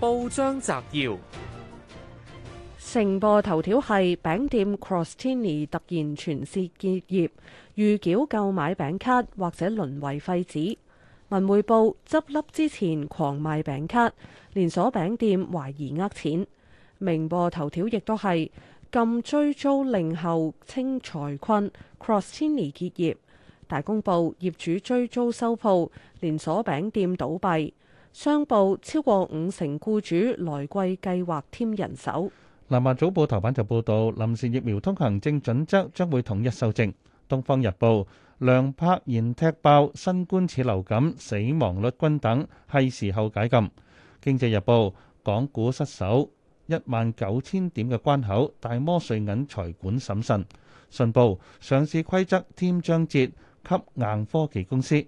報章摘要：成報頭條》頭條係餅店 Crosstiny 突然全線結業，預繳購買餅卡或者淪為廢紙。文匯報執笠之前狂賣餅卡，連鎖餅店懷疑呃錢。明報頭條》頭條亦都係禁追租令後清財困，清財困 Crosstiny 結業。大公報業主追租收鋪，連鎖餅店倒閉。商報超過五成雇主來季計劃添人手。南華早報頭版就報道，臨時疫苗通行證準則將會統一修正。東方日報梁柏賢踢爆新冠似流感，死亡率均等，係時候解禁。經濟日報港股失守一萬九千點嘅關口，大摩瑞銀財管審慎。信報上市規則添章節，給硬科技公司。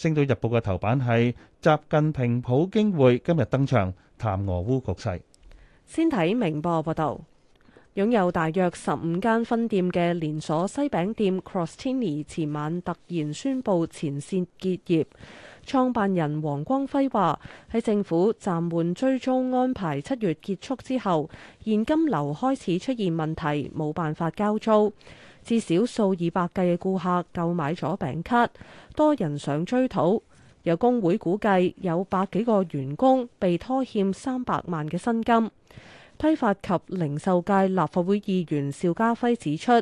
《星島日報》嘅頭版係習近平普京會今日登場談俄烏局勢。先睇明報報道，擁有大約十五間分店嘅連鎖西餅店 Crostini 前晚突然宣布前線結業。創辦人黃光輝話：喺政府暫緩追租安排七月結束之後，現金流開始出現問題，冇辦法交租。至少數以百計嘅顧客購買咗餅卡，多人想追討。有工會估計，有百幾個員工被拖欠三百萬嘅薪金。批發及零售界立法會議員邵家輝指出，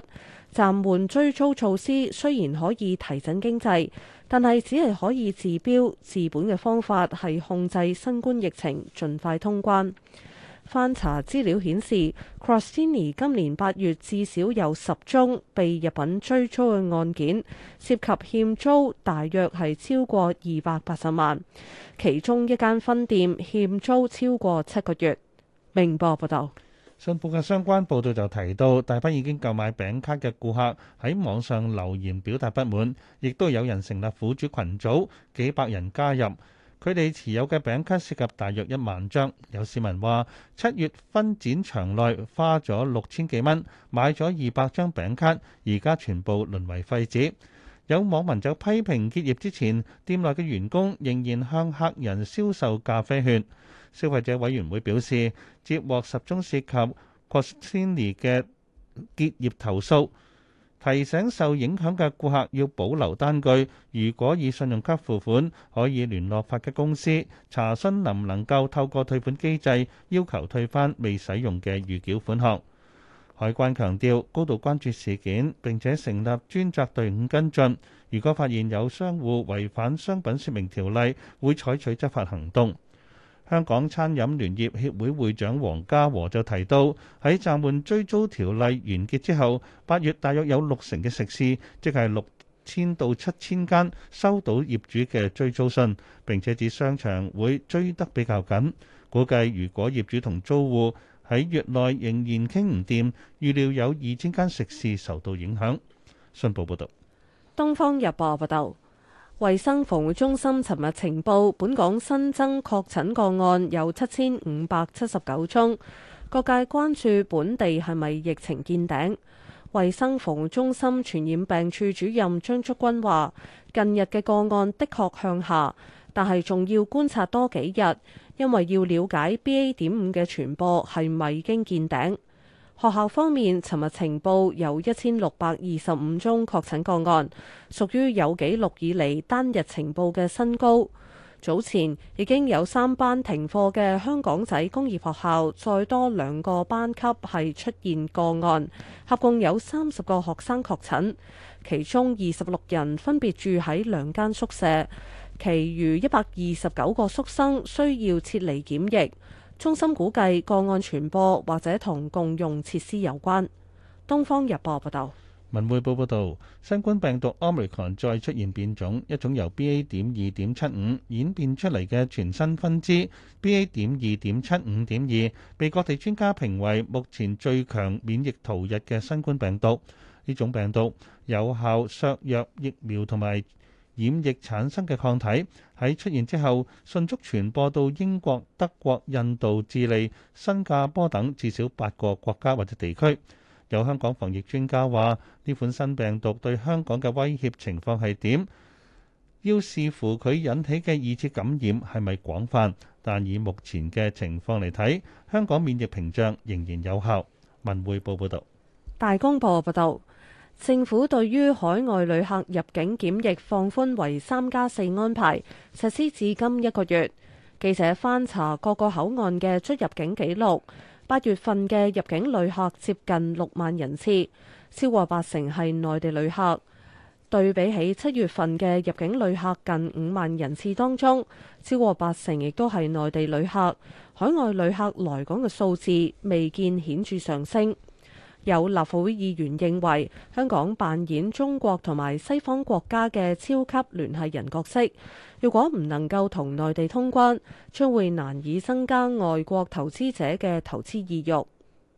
暫緩追租措施雖然可以提振經濟，但係只係可以治標，治本嘅方法係控制新冠疫情，盡快通關。翻查資料顯示，Crossini 今年八月至少有十宗被入稟追租嘅案件，涉及欠租大約係超過二百八十萬，其中一間分店欠租超過七個月。明報報道，信報嘅相關報導就提到，大批已經購買餅卡嘅顧客喺網上留言表達不滿，亦都有人成立苦主群組，幾百人加入。佢哋持有嘅餅卡涉及大約一萬張。有市民話：七月分展場內花咗六千幾蚊買咗二百張餅卡，而家全部淪為廢紙。有網民就批評結業之前，店內嘅員工仍然向客人銷售咖啡券。消費者委員會表示，接獲十宗涉及郭 u c 嘅結業投訴。提醒受影響嘅顧客要保留單據，如果以信用卡付款，可以聯絡發卡公司查詢能唔能夠透過退款機制要求退翻未使用嘅預繳款項。海關強調高度關注事件，並且成立專責隊伍跟進。如果發現有商戶違反商品説明條例，會採取執法行動。香港餐飲聯業協會會長黃家和就提到，喺暫緩追租條例完結之後，八月大約有六成嘅食肆，即係六千到七千間收到業主嘅追租信，並且指商場會追得比較緊，估計如果業主同租戶喺月內仍然傾唔掂，預料有二千間食肆受到影響，信報報道，東方日報報道。衛生防護中心尋日情報，本港新增確診個案有七千五百七十九宗。各界關注本地係咪疫情見頂？衛生防護中心傳染病處主任張竹君話，近日嘅個案的確向下，但係仲要觀察多幾日，因為要了解 BA.5 嘅傳播係咪已經見頂。學校方面，尋日呈報，有一千六百二十五宗確診個案，屬於有紀錄以嚟單日呈報嘅新高。早前已經有三班停課嘅香港仔工業學校，再多兩個班級係出現個案，合共有三十個學生確診，其中二十六人分別住喺兩間宿舍，其餘一百二十九個宿生需要撤離檢疫。中心估計個案傳播或者同共用設施有關。《東方日報》報道，《文匯報》報道，新冠病毒 Omicron 再出現變種，一種由 BA. 點二點七五演變出嚟嘅全新分支 BA. 點二點七五點二，被各地專家評為目前最強免疫逃逸嘅新冠病毒。呢種病毒，有效削弱疫苗同埋，染疫產生嘅抗體喺出現之後，迅速傳播到英國、德國、印度、智利、新加坡等至少八個國家或者地區。有香港防疫專家話：呢款新病毒對香港嘅威脅情況係點？要視乎佢引起嘅二次感染係咪廣泛，但以目前嘅情況嚟睇，香港免疫屏障仍然有效。文匯報報道，大公報報道。政府對於海外旅客入境檢疫放寬為三加四安排，實施至今一個月。記者翻查各個口岸嘅出入境記錄，八月份嘅入境旅客接近六萬人次，超過八成係內地旅客。對比起七月份嘅入境旅客近五萬人次當中，超過八成亦都係內地旅客。海外旅客來港嘅數字未見顯著上升。有立法會議員認為，香港扮演中國同埋西方國家嘅超級聯繫人角色。如果唔能夠同內地通關，將會難以增加外國投資者嘅投資意欲。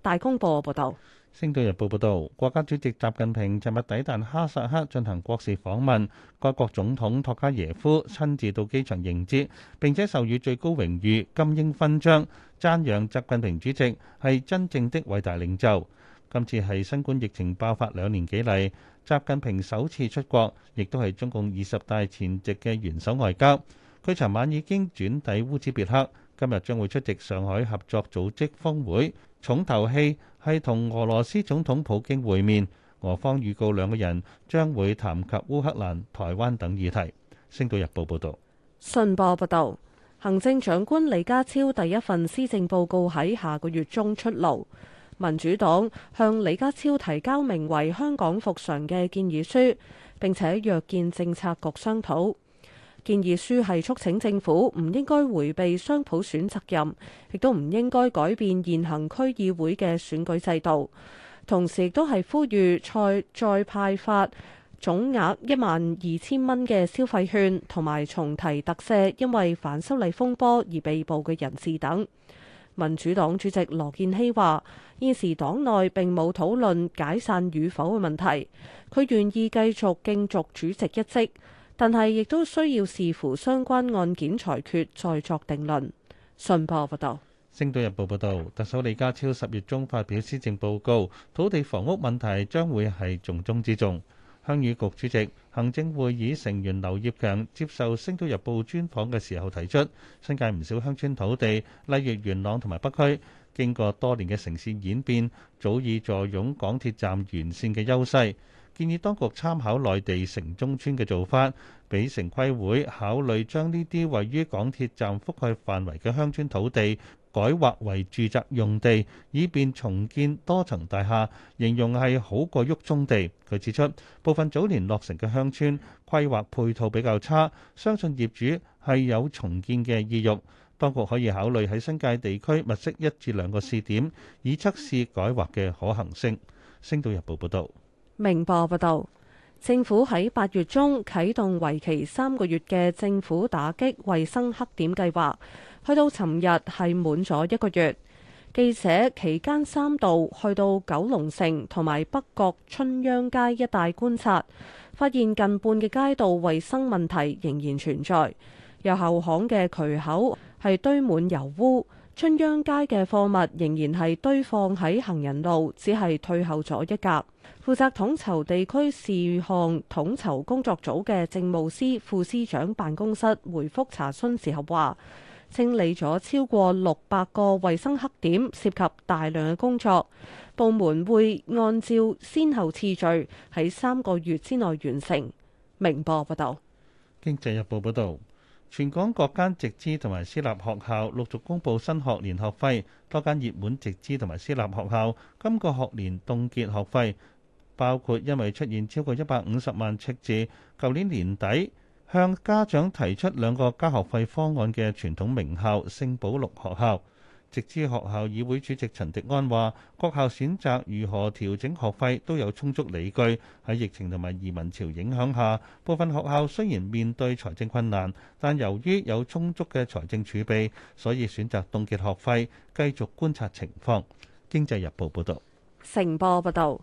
大公報報道。《星島日報》報道，國家主席習近平尋日抵達哈薩克進行國事訪問，該國總統托卡耶夫親自到機場迎接，並且授予最高榮譽金鷹勳章，讚揚習近平主席係真正的偉大領袖。今次係新冠疫情爆發兩年幾嚟，習近平首次出國，亦都係中共二十大前夕嘅元首外交。佢尋晚已經轉抵烏茲別克，今日將會出席上海合作組織峰會。重頭戲係同俄羅斯總統普京會面，俄方預告兩個人將會談及烏克蘭、台灣等議題。星島日報報道。信報報道，行政長官李家超第一份施政報告喺下個月中出爐。民主黨向李家超提交名為《香港復常》嘅建議書，並且約見政策局商討。建議書係促請政府唔應該迴避雙普選責任，亦都唔應該改變現行區議會嘅選舉制度。同時亦都係呼籲再再派發總額一萬二千蚊嘅消費券，同埋重提特赦，因為反修例風波而被捕嘅人士等。民主黨主席羅健熙話：現時黨內並冇討論解散與否嘅問題，佢願意繼續競逐主席一職，但係亦都需要視乎相關案件裁決再作定論。信報報道。《星島日報》報道，特首李家超十月中發表施政報告，土地房屋問題將會係重中之重。鄉議局主席、行政會議成員劉業強接受《星島日報》專訪嘅時候提出，新界唔少鄉村土地，例如元朗同埋北區，經過多年嘅城市演變，早已坐擁港鐵站沿線嘅優勢，建議當局參考內地城中村嘅做法，俾城規會考慮將呢啲位於港鐵站覆蓋範圍嘅鄉村土地，改劃為住宅用地，以便重建多層大廈，形容係好過喐中地。佢指出，部分早年落成嘅鄉村規劃配套比較差，相信業主係有重建嘅意欲。當局可以考慮喺新界地區物色一至兩個試點，以測試改劃嘅可行性。星島日報報道。明報報道。政府喺八月中啟動為期三個月嘅政府打擊衛生黑點計劃，去到尋日係滿咗一個月。記者期間三度去到九龍城同埋北角春秧街一帶觀察，發現近半嘅街道衛生問題仍然存在。有後巷嘅渠口係堆滿油污，春秧街嘅貨物仍然係堆放喺行人路，只係退後咗一格。負責統籌地區事項統籌工作組嘅政務司副司長辦公室回覆查詢時候話，清理咗超過六百個衛生黑點，涉及大量嘅工作，部門會按照先後次序喺三個月之內完成。明報報道。《經濟日報》報道，全港各間直資同埋私立學校陸續公布新學年學費，多間熱門直資同埋私立學校今個學年凍結學費。包括因為出現超過一百五十萬赤字，舊年年底向家長提出兩個加學費方案嘅傳統名校聖保祿學校，直資學校議會主席陳迪安話：各校選擇如何調整學費都有充足理據。喺疫情同埋移民潮影響下，部分學校雖然面對財政困難，但由於有充足嘅財政儲備，所以選擇凍結學費，繼續觀察情況。經濟日報報導，成波報道。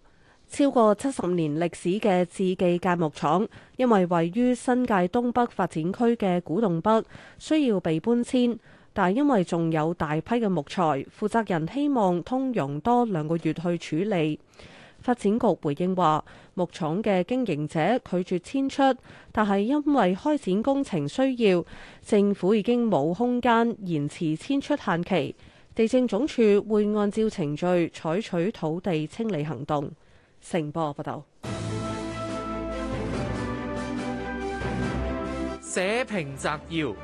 超過七十年歷史嘅志記鎅木廠，因為位於新界東北發展區嘅古洞北，需要被搬遷，但因為仲有大批嘅木材，負責人希望通融多兩個月去處理。發展局回應話，木廠嘅經營者拒絕遷，遷出，但係因為開展工程需要，政府已經冇空間延遲遷，遷出限期。地政總署會按照程序採取土地清理行動。成波報道，社評摘要：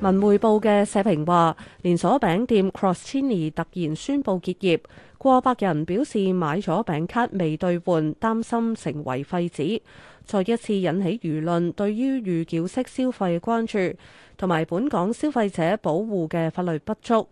文匯報嘅社評話，連鎖餅店 Crostini 突然宣布結業，過百人表示買咗餅卡未兌換，擔心成為廢紙。再一次引起輿論對於預繳式消費關注，同埋本港消費者保護嘅法律不足。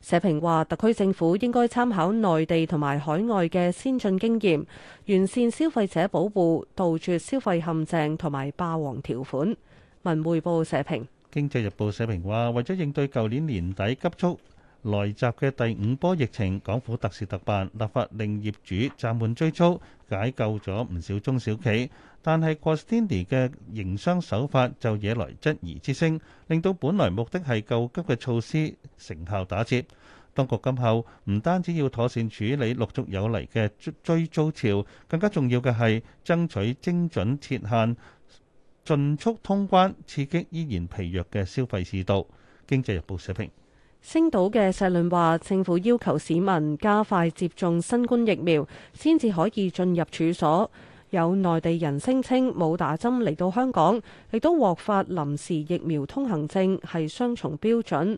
社評話，特區政府應該參考內地同埋海外嘅先進經驗，完善消費者保護，杜絕消費陷阱同埋霸王條款。文匯報社評，經濟日報社評話，為咗應對舊年年底急速。來襲嘅第五波疫情，港府特事特辦，立法令業主暫緩追租，解救咗唔少中小企。但係郭士添嘅營商手法就惹來質疑之聲，令到本來目的係救急嘅措施成效打折。當局今後唔單止要妥善處理陸續有嚟嘅追租潮，更加重要嘅係爭取精準撤限，盡速通關，刺激依然疲弱嘅消費市道。經濟日報社評。星島嘅社論話：政府要求市民加快接種新冠疫苗，先至可以進入處所。有內地人聲稱冇打針嚟到香港，亦都獲發臨時疫苗通行證，係雙重標準。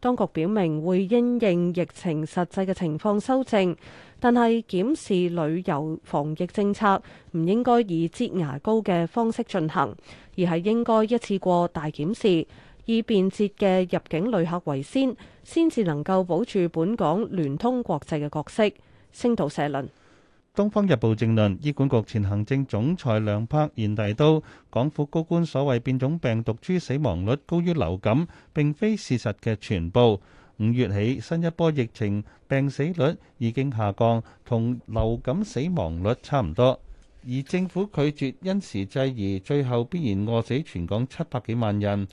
當局表明會因應疫情實際嘅情況修正，但係檢視旅遊防疫政策唔應該以擠牙膏嘅方式進行，而係應該一次過大檢視。以便捷嘅入境旅客為先，先至能夠保住本港聯通國際嘅角色。星島社論。東方日報政論，醫管局前行政總裁梁柏賢提到，港府高官所謂變種病毒株死亡率高於流感，並非事實嘅全部。五月起新一波疫情病死率已經下降，同流感死亡率差唔多，而政府拒絕因時制宜，最後必然餓死全港七百幾萬人，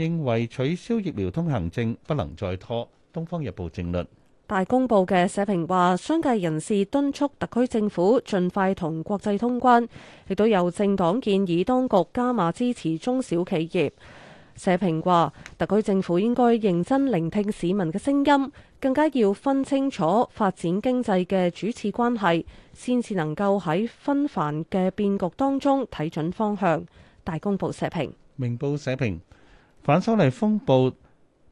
認為取消疫苗通行證不能再拖。《東方日報》正論大公報嘅社評話，商界人士敦促特區政府盡快同國際通關，亦都有政黨建議當局加碼支持中小企業。社評話，特區政府應該認真聆聽市民嘅聲音，更加要分清楚發展經濟嘅主次關係，先至能夠喺紛繁嘅變局當中睇準方向。大公報社評，明報社評。反修例風暴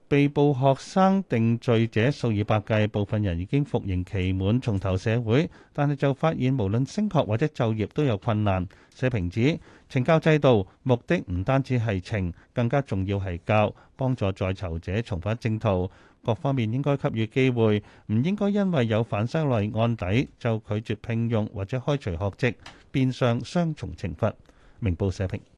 被捕學生定罪者數以百計，部分人已經服刑期滿，重投社會，但係就發現無論升學或者就業都有困難。社評指，懲教制度目的唔單止係懲，更加重要係教，幫助在囚者重返正途，各方面應該給予機會，唔應該因為有反修例案底就拒絕聘用或者開除學籍，變相雙重懲罰。明報社評。